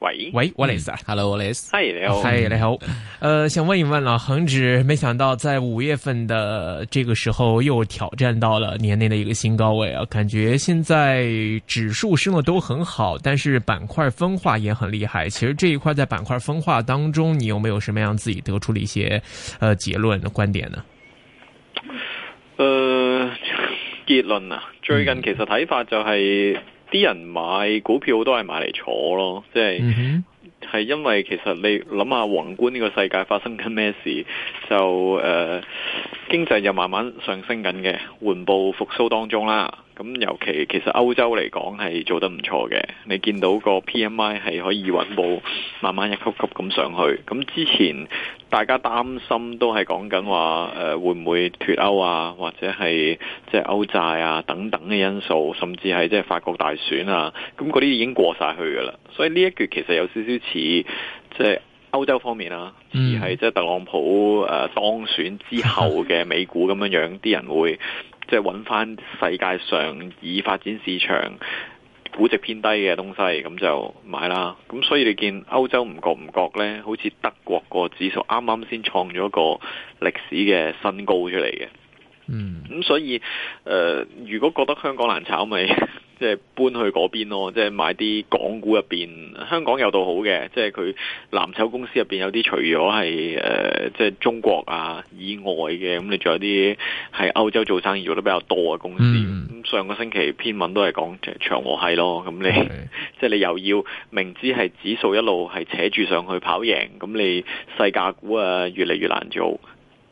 喂喂 w a l l a c h e l l o w a l l a c e，嗨你好，嗨你好，呃，想問一問啦、啊，恒指沒想到在五月份的這個時候又挑戰到了年內的一個新高位啊，感覺現在指數升得都很好，但是板塊分化也很厲害。其實這一塊在板塊分化當中，你有沒有什麼樣自己得出了一些，呃，結論的觀點呢？呃、嗯，結論啊，最近其實睇法就係、是。啲人買股票都係買嚟坐咯，即係係、mm hmm. 因為其實你諗下宏觀呢個世界發生緊咩事就誒。Uh, 經濟又慢慢上升緊嘅，緩步復甦當中啦。咁尤其其實歐洲嚟講係做得唔錯嘅，你見到個 PMI 係可以穩步慢慢一級級咁上去。咁之前大家擔心都係講緊話誒會唔會脫歐啊，或者係即係歐債啊等等嘅因素，甚至係即係法國大選啊。咁嗰啲已經過晒去㗎啦。所以呢一橛其實有少少似即係。就是歐洲方面啦，而係即係特朗普誒當選之後嘅美股咁樣樣，啲人會即係揾返世界上已發展市場估值偏低嘅東西，咁就買啦。咁所以你見歐洲唔覺唔覺呢？好似德國個指數啱啱先創咗一個歷史嘅新高出嚟嘅。嗯，咁所以，誒、呃，如果覺得香港難炒，咪即係搬去嗰邊咯，即係買啲港股入邊。香港有到好嘅，即係佢藍籌公司入邊有啲除咗係誒，即係中國啊以外嘅，咁、嗯、你仲有啲係歐洲做生意做得比較多嘅公司。咁、嗯、上個星期篇文都係講長和係咯，咁你 Okay. 即係你又要明知係指數一路係扯住上去跑贏，咁你細價股啊越嚟越難做，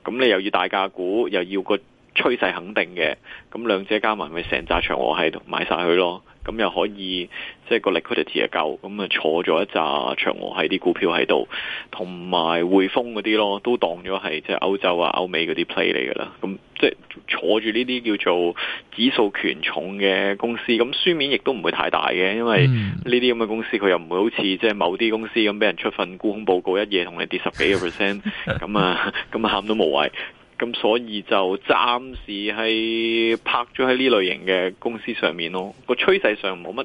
咁你又要大價股，又要個。趨勢肯定嘅，咁兩者加埋咪成紮長和系喺度買曬佢咯，咁又可以即係個 liquidity 又夠，咁啊坐咗一紮長和系啲股票喺度，同埋匯豐嗰啲咯，都當咗係即係歐洲啊、歐美嗰啲 play 嚟㗎啦，咁即係坐住呢啲叫做指數權重嘅公司，咁書面亦都唔會太大嘅，因為呢啲咁嘅公司佢又唔會好似即係某啲公司咁俾人出份沽空報告一夜同你跌十幾個 percent，咁啊咁啊喊都冇謂。咁所以就暫時係拍咗喺呢類型嘅公司上面咯，個趨勢上冇乜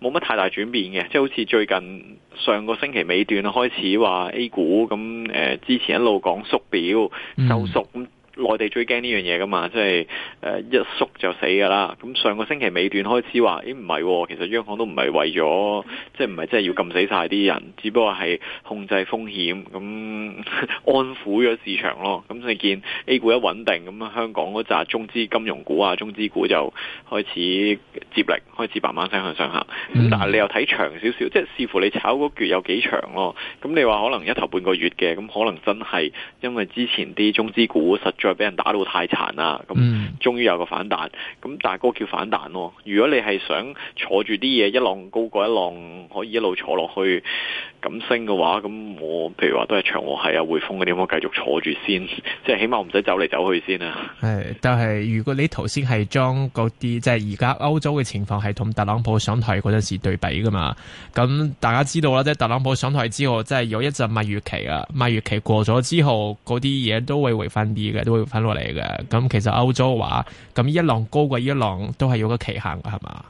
冇乜太大轉變嘅，即係好似最近上個星期尾段開始話 A 股咁，誒、呃、之前一路講縮表收縮咁。嗯內地最驚呢樣嘢㗎嘛，即係誒、呃、一縮就死㗎啦。咁上個星期尾段開始話，咦唔係，其實央行都唔係為咗，即係唔係真係要撳死晒啲人，只不過係控制風險，咁 安撫咗市場咯。咁你見 A 股一穩定，咁香港嗰扎中資金融股啊、中資股就開始接力，開始慢慢升向上行。咁、嗯、但係你又睇長少少，即係視乎你炒嗰橛有幾長咯。咁你話可能一頭半個月。嘅咁可能真係因為之前啲中資股實在俾人打到太殘啦，咁終於有個反彈。咁但係嗰叫反彈咯，哦。如果你係想坐住啲嘢一浪高過一浪，可以一路坐落去咁升嘅話，咁我譬如話都係長和係啊匯豐嗰啲，我繼續坐住先，即係起碼唔使走嚟走去先啊。係，但係如果你頭先係將嗰啲即係而家歐洲嘅情況係同特朗普上台嗰陣時對比噶嘛，咁大家知道啦，即係特朗普上台之後，即係有一陣蜜月期啊。蜜月期過咗之後，嗰啲嘢都會回翻啲嘅，都會翻落嚟嘅。咁其實歐洲話，咁一浪高過一浪，都係有個期限嘅，係嘛？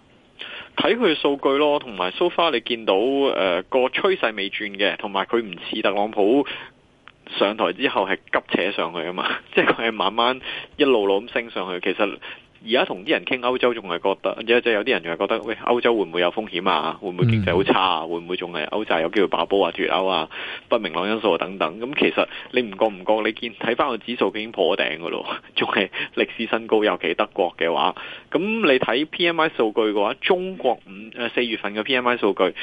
睇佢數據咯，同埋 so far 你見到誒個趨勢未轉嘅，同埋佢唔似特朗普上台之後係急扯上去啊嘛，即係佢係慢慢一路路咁升上去，其實。而家同啲人傾歐洲，仲係覺得即有啲人仲係覺得，喂，歐洲會唔會有風險啊？會唔會經濟好差啊？會唔會仲係歐債有機會爆煲啊、脫歐啊、不明朗因素啊等等？咁其實你唔覺唔覺？你見睇翻個指數已經破頂噶咯，仲係歷史新高。尤其德國嘅話，咁你睇 PMI 數據嘅話，中國五誒四月份嘅 PMI 數據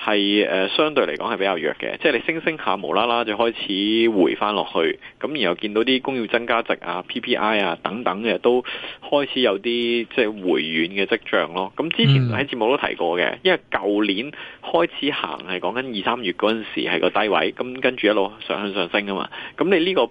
係誒相對嚟講係比較弱嘅，即係你升升下無啦啦就開始回翻落去，咁然後見到啲工業增加值啊、PPI 啊等等嘅都開始。有啲即係回軟嘅跡象咯。咁之前喺節目都提過嘅，因為舊年開始行係講緊二三月嗰陣時係個低位，咁跟住一路上向上升啊嘛。咁你呢個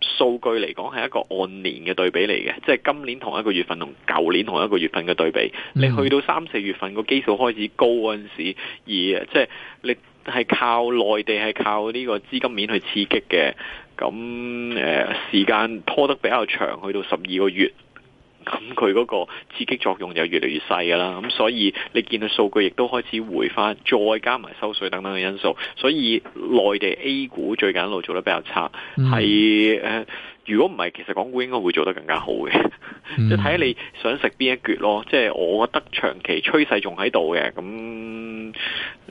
數據嚟講，係一個按年嘅對比嚟嘅，即係今年同一個月份同舊年同一個月份嘅對比。你去到三四月份個基數開始高嗰陣時，而即係你係靠內地係靠呢個資金面去刺激嘅，咁誒、呃、時間拖得比較長，去到十二個月。咁佢嗰個刺激作用就越嚟越細噶啦，咁所以你見到數據亦都開始回翻，再加埋收稅等等嘅因素，所以內地 A 股最近一路做得比較差，係誒、嗯。如果唔係，其實港股應該會做得更加好嘅， 就係睇你想食邊一橛咯。即係我覺得長期趨勢仲喺度嘅，咁、嗯、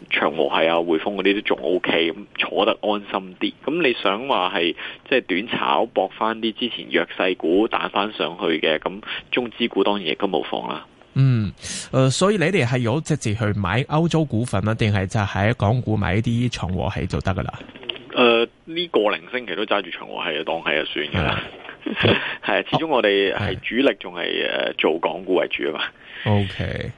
長和系啊、匯豐嗰啲都仲 OK，坐得安心啲。咁你想話係即係短炒搏翻啲之前弱勢股彈翻上去嘅，咁中資股當然亦都冇妨啦。嗯，誒，所以你哋係有直接去買歐洲股份啊，定係就喺港股買一啲長和系就得噶啦？誒，呢、呃這個零星期都揸住長和系，當係就算噶啦。係， 始終我哋係主力仲係誒做港股為主啊嘛。O K，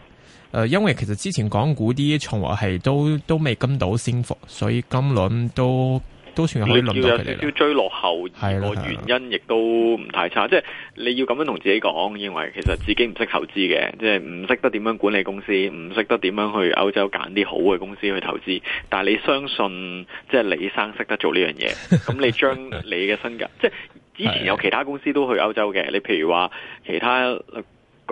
誒，因為其實之前港股啲長和系都都未跟到升幅，所以今輪都。你要有少少追落後，而個原因亦都唔太差。即係你要咁樣同自己講，認為其實自己唔識投資嘅，即係唔識得點樣管理公司，唔識得點樣去歐洲揀啲好嘅公司去投資。但係你相信，即係李生識得做呢樣嘢，咁 你將你嘅身價，即係之前有其他公司都去歐洲嘅，你譬如話其他。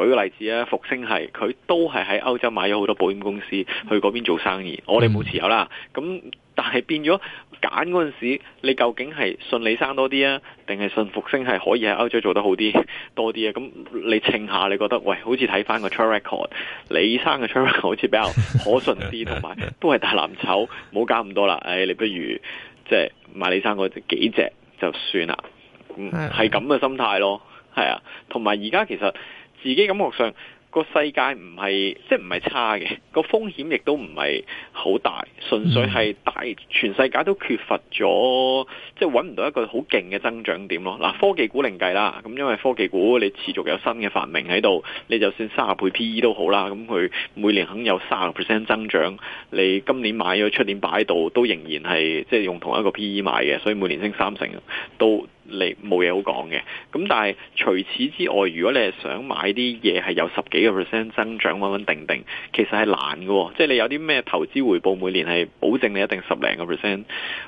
舉個例子啊，復星係佢都係喺歐洲買咗好多保險公司去嗰邊做生意，我哋冇持有啦。咁但係變咗揀嗰陣時，你究竟係信李生多啲啊，定係信復星係可以喺歐洲做得好啲多啲啊？咁你稱下，你覺得喂，好似睇翻個 track record，李生嘅 track record 好似比較可信啲，同埋都係大藍籌，唔好搞咁多啦。誒、哎，你不如即係、就是、買李生嗰幾隻就算啦。嗯，係咁嘅心態咯，係啊，同埋而家其實。自己感覺上個世界唔係即係唔係差嘅，個風險亦都唔係好大，純粹係大全世界都缺乏咗，即係揾唔到一個好勁嘅增長點咯。嗱，科技股另計啦，咁因為科技股你持續有新嘅發明喺度，你就算三十倍 PE 都好啦，咁佢每年肯有三十 percent 增長，你今年買咗出年擺喺度都仍然係即係用同一個 PE 買嘅，所以每年升三成都嚟冇嘢好講嘅，咁但係除此之外，如果你係想買啲嘢係有十幾個 percent 增長穩穩定定，其實係難㗎、哦，即、就、係、是、你有啲咩投資回報每年係保證你一定十零個 percent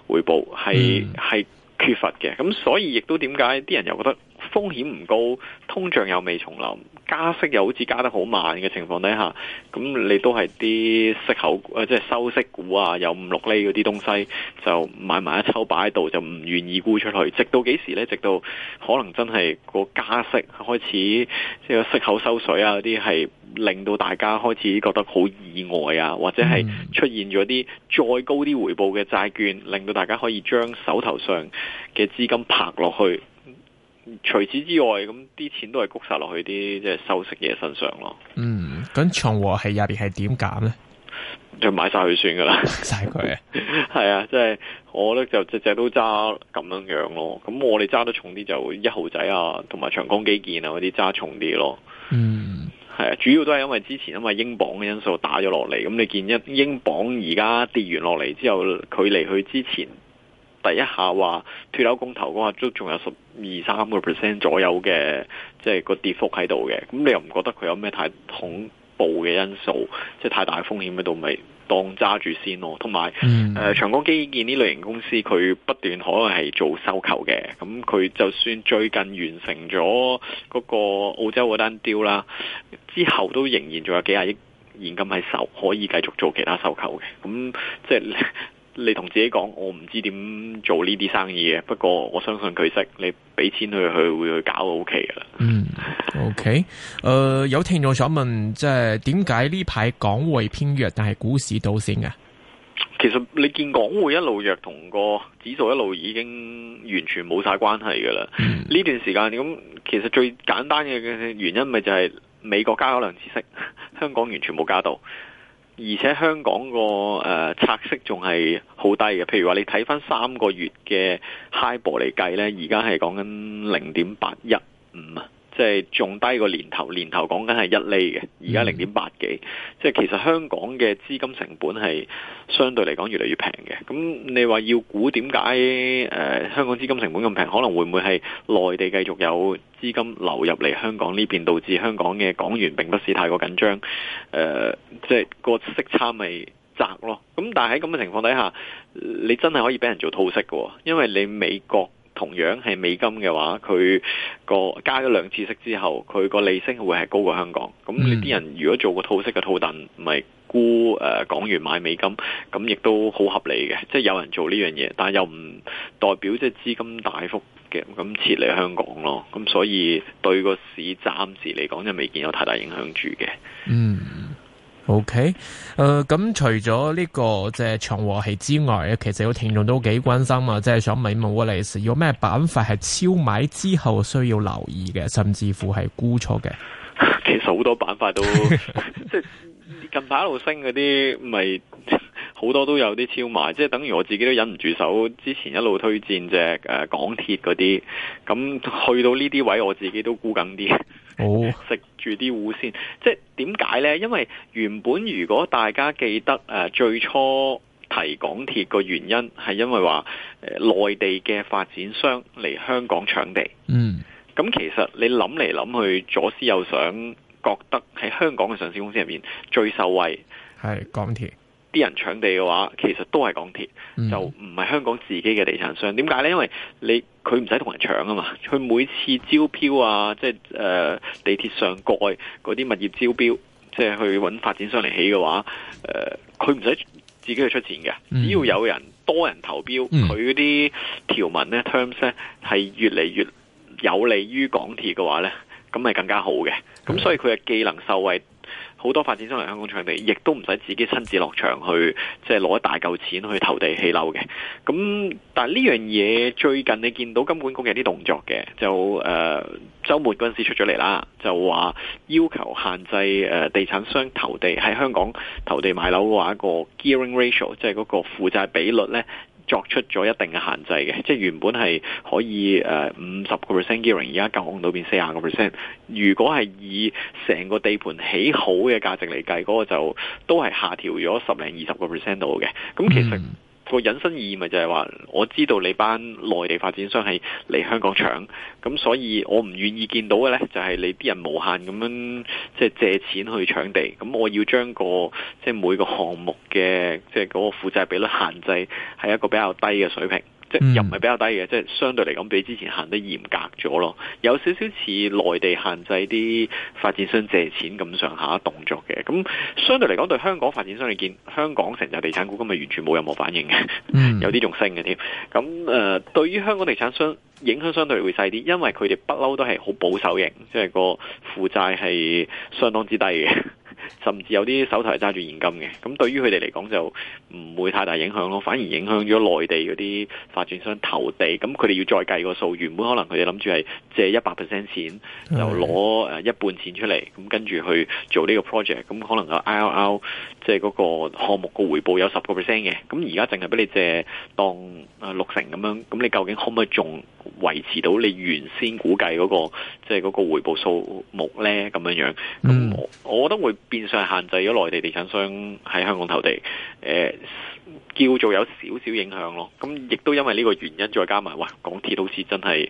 回報係係、嗯、缺乏嘅，咁所以亦都點解啲人又覺得？風險唔高，通脹又未重臨，加息又好似加得好慢嘅情況底下，咁你都係啲息口，誒、呃、即係收息股啊，有五六厘嗰啲東西，就買埋一抽擺喺度，就唔願意沽出去。直到幾時呢？直到可能真係個加息開始，即係個息口收水啊嗰啲，係令到大家開始覺得好意外啊，或者係出現咗啲再高啲回報嘅債券，令到大家可以將手頭上嘅資金拍落去。除此之外，咁啲錢都係谷晒落去啲即係收息嘢身上咯。嗯，咁長和係入邊係點減咧？就買晒佢算噶啦，買晒佢。係啊，即係我咧就只只都揸咁樣樣咯。咁我哋揸得重啲就一號仔啊，同埋長江基建啊嗰啲揸重啲咯。嗯，係啊，主要都係因為之前因為英鎊嘅因素打咗落嚟。咁你見一英鎊而家跌完落嚟之後，佢離去之前。第一下話脫歐公投嗰下，都仲有十二三個 percent 左右嘅，即係個跌幅喺度嘅。咁你又唔覺得佢有咩太恐怖嘅因素，即係太大嘅風險喺度，咪當揸住先咯。同埋，誒、嗯呃、長江基建呢類型公司，佢不斷可能係做收購嘅。咁佢就算最近完成咗嗰個澳洲嗰單 deal 啦，之後都仍然仲有幾廿億現金喺手，可以繼續做其他收購嘅。咁即係。你同自己講，我唔知點做呢啲生意嘅。不過我相信佢識，你俾錢佢，去會去搞 O K 嘅啦。嗯，O K。誒、okay. 呃，有聽眾想問，即係點解呢排港匯偏，偏弱，但係股市倒線嘅？其實你見港匯一路弱，同個指數一路已經完全冇晒關係嘅啦。呢、嗯、段時間咁，其實最簡單嘅嘅原因咪就係美國加咗兩次息，香港完全冇加到，而且香港個誒拆息仲係好低嘅，譬如話你睇翻三個月嘅 high 波嚟計呢，而家係講緊零點八一五啊。即係仲低個年頭，年頭講緊係一厘嘅，而家零點八幾。即係其實香港嘅資金成本係相對嚟講越嚟越平嘅。咁你話要估點解誒香港資金成本咁平，可能會唔會係內地繼續有資金流入嚟香港呢邊，導致香港嘅港元並不是太過緊張？誒，即係個息差咪窄咯。咁但係喺咁嘅情況底下，你真係可以俾人做套息嘅，因為你美國。同樣係美金嘅話，佢個加咗兩次息之後，佢個利息會係高過香港。咁呢啲、嗯、人如果做個套息嘅套戥，唔係沽、呃、港元買美金，咁亦都好合理嘅。即係有人做呢樣嘢，但係又唔代表即係資金大幅嘅咁撤離香港咯。咁所以對個市暫時嚟講，就未見有太大影響住嘅。嗯。O K，誒，咁、okay? uh, 嗯、除咗呢、這個即係、就是、長和氣之外，其實有聽眾都幾關心啊，即、就、係、是、想問一問我哋，有咩板塊係超買之後需要留意嘅，甚至乎係沽出嘅？其實好多板塊都即係 近排一路升嗰啲，咪好多都有啲超買，即係等於我自己都忍唔住手，之前一路推薦隻誒港鐵嗰啲，咁去到呢啲位，我自己都沽緊啲。好，oh. 住啲戶先，即係點解呢？因為原本如果大家記得，誒最初提港鐵個原因係因為話誒內地嘅發展商嚟香港搶地，嗯，咁其實你諗嚟諗去，左思右想，覺得喺香港嘅上市公司入面最受惠係港鐵。啲人搶地嘅話，其實都係港鐵，嗯、就唔係香港自己嘅地產商。點解呢？因為你佢唔使同人搶啊嘛。佢每次招標啊，即係誒、呃、地鐵上蓋嗰啲物業招標，即係去揾發展商嚟起嘅話，佢唔使自己去出錢嘅。只要有人多人投標，佢嗰啲條文呢 terms 咧係越嚟越有利於港鐵嘅話呢，咁係更加好嘅。咁所以佢嘅技能受惠。好多發展商嚟香港搶地，亦都唔使自己親自落場去，即係攞一大嚿錢去投地起樓嘅。咁但係呢樣嘢最近你見到金管局有啲動作嘅，就誒、呃、週末嗰陣時出咗嚟啦，就話要求限制誒地產商投地喺香港投地買樓嘅話，個 gearing ratio 即係嗰個負債比率呢。作出咗一定嘅限制嘅，即係原本係可以誒 uh, 五十個 percent gearing，而家降控到變四十個 percent。如果係以成個地盤起好嘅價值嚟計，嗰個就都係下調咗十零二十個 percent 到嘅。咁其實。嗯個引申意義咪就係話，我知道你班內地發展商係嚟香港搶，咁所以我唔願意見到嘅呢，就係你啲人無限咁樣即係借錢去搶地，咁我要將個即係每個項目嘅即係嗰個負債比率限制係一個比較低嘅水平。即又唔係比較低嘅，即係相對嚟講比之前行得嚴格咗咯，有少少似內地限制啲發展商借錢咁上下動作嘅。咁相對嚟講對香港發展商嚟見，香港成日地產股咁咪完全冇任何反應嘅， 有啲仲升嘅添。咁誒、呃，對於香港地產商影響相對會細啲，因為佢哋不嬲都係好保守型，即係個負債係相當之低嘅。甚至有啲手頭係揸住現金嘅，咁對於佢哋嚟講就唔會太大影響咯，反而影響咗內地嗰啲發展商投地。咁佢哋要再計個數，原本可能佢哋諗住係借一百 percent 錢，是就攞誒一半錢出嚟，咁跟住去做呢個 project。咁可能就個 IRR 即係嗰個項目個回報有十個 percent 嘅。咁而家淨係俾你借當誒六成咁樣，咁你究竟可唔可以仲維持到你原先估計嗰，那個即係嗰個回報數目咧？咁樣樣，咁我、嗯、我覺得會變。線上限制咗內地地產商喺香港投地，誒、呃、叫做有少少影響咯。咁亦都因為呢個原因，再加埋，哇！港鐵好似真係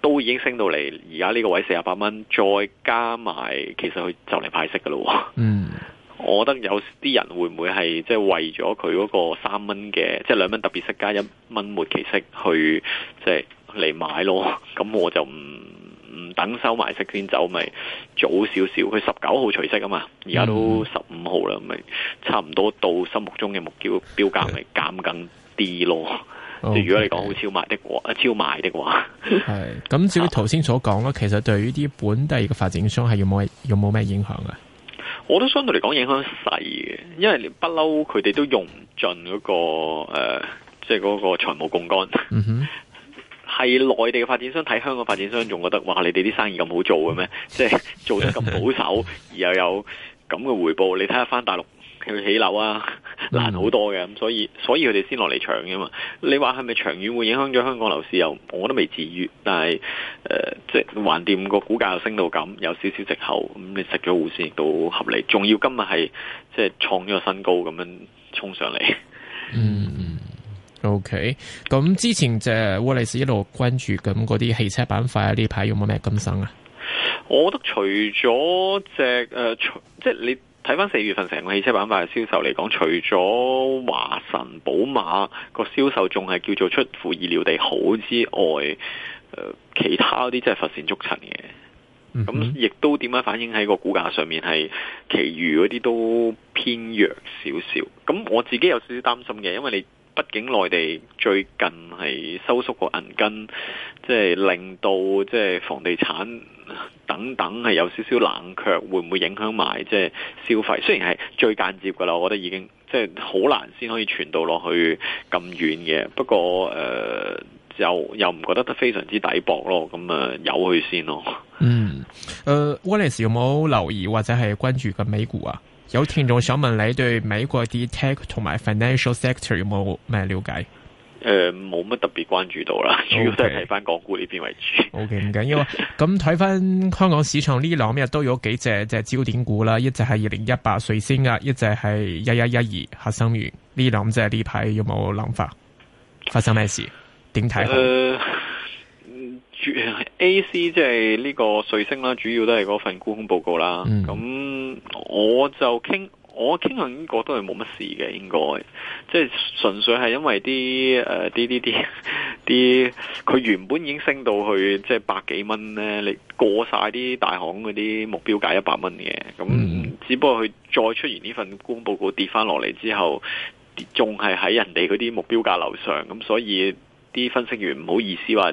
都已經升到嚟而家呢個位四十八蚊，再加埋其實佢就嚟派息㗎咯。嗯，我覺得有啲人會唔會係即係為咗佢嗰個三蚊嘅，即係兩蚊特別息加一蚊末期息去即係嚟買咯？咁我就唔～唔等收埋息先走，咪早少少。佢十九號除息啊嘛，而家都十五號啦，咪、mm hmm. 差唔多到心目中嘅目標標價，咪減緊啲咯。Okay. 如果你講好超賣的話，話 Okay. 超賣的話，話 係。咁至於頭先所講啦，其實對於啲本地嘅發展商係有冇有冇咩影響啊？我都相對嚟講影響細嘅，因為不嬲佢哋都用唔盡嗰個誒，即係嗰個財務槓桿。哼、 mm。Hmm. 係內地嘅發展商睇香港發展商，仲覺得，哇！你哋啲生意咁好做嘅咩？即係做得咁保守， 而又有咁嘅回報。你睇下返大陸去起樓啊， 難好多嘅。咁所以，所以佢哋先落嚟搶嘅嘛。你話係咪長遠會影響咗香港樓市？又我都未至於，但係誒、呃，即係橫掂個股價又升到咁，有少少藉口。咁、嗯、你食咗糊先亦都合理。仲要今日係即係創咗個新高咁樣衝上嚟。嗯。 O K，咁之前就係沃利斯一路關注緊嗰啲汽車板塊啊，呢排有冇咩更新啊？我覺得除咗隻誒，即係你睇翻四月份成個汽車板塊嘅銷售嚟講，除咗華晨寶馬個銷售仲係叫做出乎意料地好之外，誒、呃，其他嗰啲真係乏善足陳嘅。咁亦、mm hmm. 都點樣反映喺個股價上面？係其餘嗰啲都偏弱少少。咁我自己有少少擔心嘅，因為你。畢竟內地最近係收縮個銀根，即、就、係、是、令到即係房地產等等係有少少冷卻，會唔會影響埋即係消費？雖然係最間接噶啦，我覺得已經即係好難先可以傳到落去咁遠嘅。不過誒、呃，又又唔覺得得非常之抵薄咯。咁啊，由佢先咯。嗯，誒，Wallace、 嗯呃、有冇留意或者係關注緊美股啊？有聽眾想問你對美國啲 tech 同埋 financial sector 有冇咩了解？誒、呃，冇乜特別關注到啦，Okay. 主要都係睇翻港股呢邊為主。O K，唔緊要，咁睇翻香港市場呢兩日都有幾隻即係焦點股啦，一隻係二零一八瑞聲啊，一隻係一一一二合生元。呢兩隻呢排有冇諗法？發生咩事？點睇？ 呃 A.C. 即係呢個瑞聲啦，主要都係嗰份沽空報告啦。咁、嗯、我就傾，我傾向呢個都係冇乜事嘅，應該即係純粹係因為啲誒啲啲啲啲，佢、呃、原本已經升到去即係、就是、百幾蚊咧，你過晒啲大行嗰啲目標價一百蚊嘅，咁只不過佢再出現呢份沽空報告跌翻落嚟之後，仲係喺人哋嗰啲目標價樓上，咁所以啲分析員唔好意思話。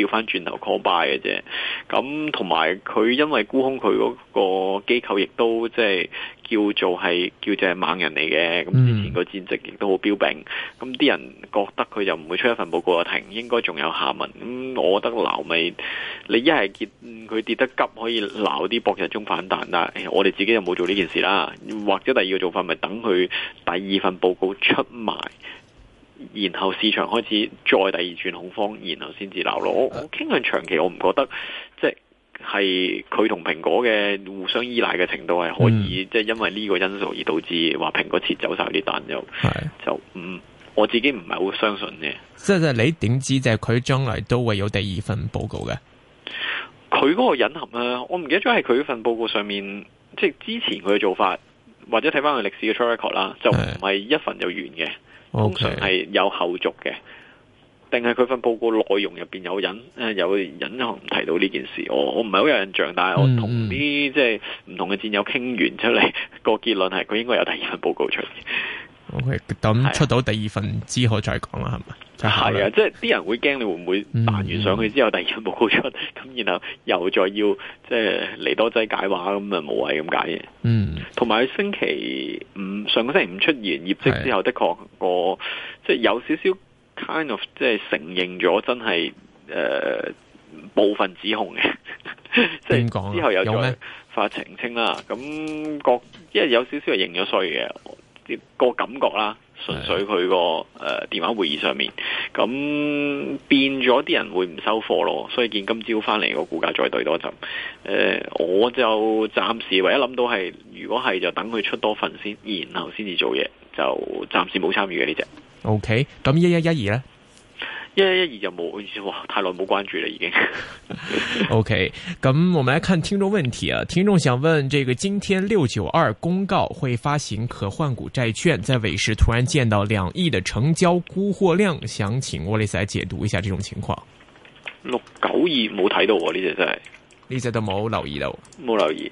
掉翻轉頭 call by 嘅啫，咁同埋佢因為沽空佢嗰個機構亦都即係叫做係叫做係猛人嚟嘅，咁之前個戰績亦都好彪炳，咁啲人覺得佢就唔會出一份報告就停，應該仲有下文。咁、嗯、我覺得鬧咪，你一係見佢跌得急可以鬧啲博日中反彈啦、哎。我哋自己又冇做呢件事啦，或者第二個做法咪等佢第二份報告出埋。然後市場開始再第二轉恐慌，然後先至鬧咯。我我傾向長期，我唔覺得即係佢同蘋果嘅互相依賴嘅程度係可以，嗯、即係因為呢個因素而導致話蘋果撤走晒啲單，又的就唔、嗯、我自己唔係好相信嘅。即係你點知，就係佢將來都會有第二份報告嘅。佢嗰個隱含咧、啊，我唔記得咗係佢份報告上面，即係之前佢嘅做法，或者睇翻佢歷史嘅 track record 啦，就唔係一份就完嘅。Okay. 通常係有後續嘅，定係佢份報告內容入邊有隱，誒有隱含提到呢件事。我我唔係好有印象，但係我、mm hmm. 同啲即係唔同嘅戰友傾完出嚟，個結論係佢應該有第二份報告出嚟。O K，等出到第二份、啊、之後再講啦，係咪？係啊，即係啲人會驚你會唔會彈完上去之後、嗯、第二冇出，咁然後又再要即係嚟多劑解話咁啊，冇謂咁解嘅。嗯，同埋星期五上個星期五出完業績之後，的確是我即係、就是、有少少 kind of 即係承認咗真係誒、呃、部分指控嘅。即 點講啊？有咗發澄清啦，咁各、那個、因為有少少係認咗罪嘅。.個感覺啦，純粹佢個誒電話會議上面，咁變咗啲人會唔收貨咯，所以見今朝翻嚟個股價再對多一陣，誒、呃，我就暫時唯一諗到係，如果係就等佢出多份先，然後先至做嘢，就暫時冇參與嘅呢隻。OK，咁一一一二咧？一一二就冇，哇！太耐冇關注啦，已經 okay，嗯。OK，咁我們來看聽眾問題啊，聽眾想問，這個今天六九二公告會發行可換股債券，在尾市突然見到兩億的成交沽貨量，想請 Wallace 解讀一下這種情況。六九二冇睇到呢，啊，隻，這個，真係，呢隻都冇留意到，冇留意。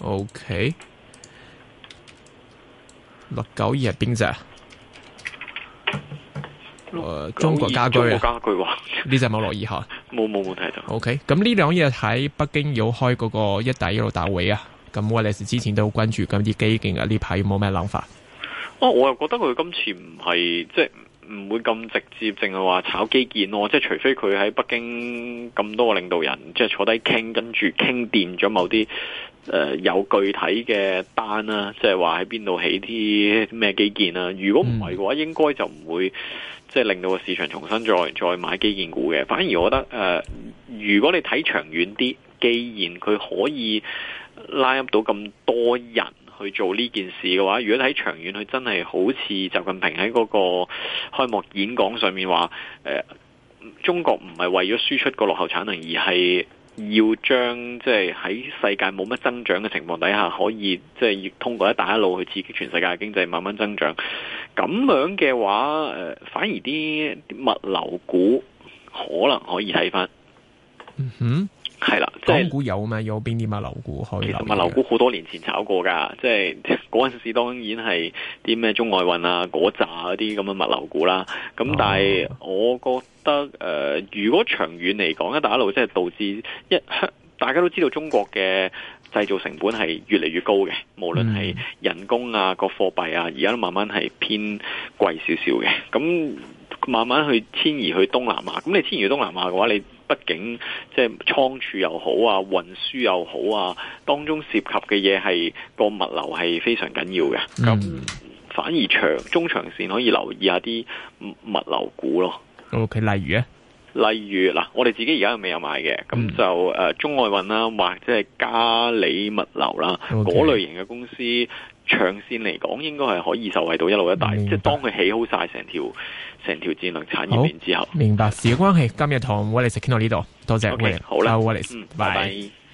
OK，六九二係斌仔。誒，呃、那中國家居啊，呢隻冇留意下、啊，冇冇冇問題。O K，咁呢兩日喺北京有開嗰個一帶一路大會啊，咁 Wallace 之前都好關注緊啲基建啊，呢排有冇咩諗法？哦，我又覺得佢今次唔係即係唔會咁直接，淨係話炒基建咯，即係除非佢喺北京咁多領導人即係坐低傾，跟住傾掂咗某啲誒、呃、有具體嘅單啦、啊，即係話喺邊度起啲咩基建啊。如果唔係嘅話，嗯、應該就唔會。即係令到個市場重新再再買基建股嘅，反而我覺得誒、呃，如果你睇長遠啲，既然佢可以拉入到咁多人去做呢件事嘅話，如果你睇長遠，佢真係好似習近平喺嗰個開幕演講上面話、呃、中國唔係為咗輸出個落後產能，而係。要將即係喺世界冇乜增長嘅情況底下，可以即係、就是、要通過一帶一路去刺激全世界經濟慢慢增長。咁樣嘅話，誒、呃、反而啲物流股可能可以睇翻。嗯哼。係啦，即係、港股有嘛？有邊啲物流股可以？物流股好多年前炒過噶，即係嗰陣時當然係啲咩中外運啊、果炸嗰啲咁嘅物流股啦。咁但係我覺得誒、oh. 呃，如果長遠嚟講咧，一路即係導致一，大家都知道中國嘅製造成本係越嚟越高嘅，無論係人工啊、個貨幣啊，而家都慢慢係偏貴少少嘅。咁慢慢去遷移去東南亞，咁你遷移去東南亞嘅話，你畢竟即係倉儲又好啊，運輸又好啊，當中涉及嘅嘢係個物流係非常緊要嘅。咁、嗯、反而長中長線可以留意下啲物流股咯。OK，例如呢，例如嗱，我哋自己而家又未有買嘅，咁就誒、嗯呃、中外運啦，或者係嘉里物流啦，嗰 Okay, 類型嘅公司。長線嚟講，應該係可以受惠到一路一帶，白即係當佢起好晒成條成條戰略產業鏈之後，明白。時間關係，今日同 Wallace 傾到呢度，多謝。OK，好啦，好，嗯，拜拜。